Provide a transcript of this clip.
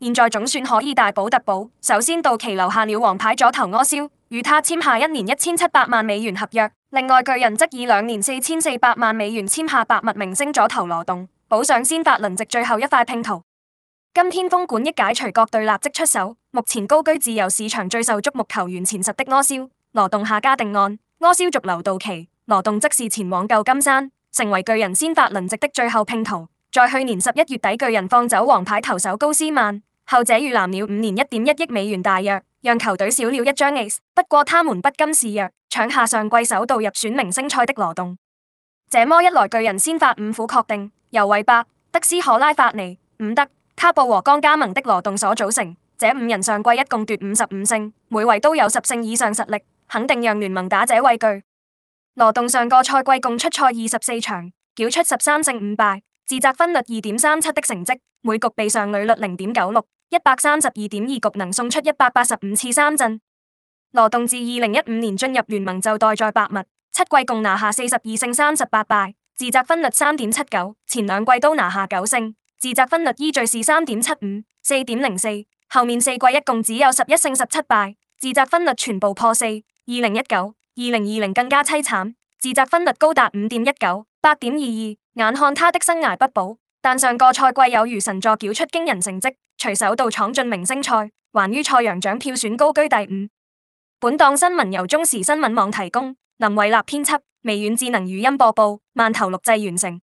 現在總算可以大補特補。首先道奇留下了王牌左投柯蕭，與他簽下一年一千七百萬美元合約。另外巨人則以兩年四千四百萬美元簽下白襪明星左投羅棟，補上先發輪值最後一塊拼圖。今天封館一解除，各隊立即出手，目前高居自由市場最受矚目球員前十的柯蕭，羅棟下家定案，柯蕭續留道奇，羅棟則是前往舊金山，成為巨人先發輪值的最後拼圖。在去年十一月底，巨人放走王牌投手高斯曼。後者預藍了五年一點一億美元大約，讓球隊少了一張 ace。不過他們不甘示弱，搶下上季首度入選明星賽的羅棟。這麼一來，巨人先發五虎確定，由韋伯、德斯可拉、法尼、伍德、卡布和剛加盟的羅棟所組成。這五人上季一共奪五十五勝，每位都有十勝以上實力，肯定讓聯盟打者畏懼。羅棟上個賽季共出賽二十四場，繳出十三勝五敗，自責分率二點三七的成績，每局被上壘率零點九六。一百三十二點二局能送出一百八十五次三振。羅棟自二零一五年進入聯盟就待在白襪，七季共拿下四十二勝三十八敗，自責分率三點七九。前兩季都拿下九勝，自責分率依序是三點七五、四點零四。後面四季一共只有十一勝十七敗，自責分率全部破四。二零一九、二零二零更加淒慘，自責分率高達五點一九、八點二二，眼看他的生涯不保。但上個賽季有如神助，繳出驚人成績，隨首度闖進明星賽，還於賽揚獎票選高居第五。本檔新聞由中時新聞網提供，林偉立編輯，微軟智能語音播報，慢頭錄製完成。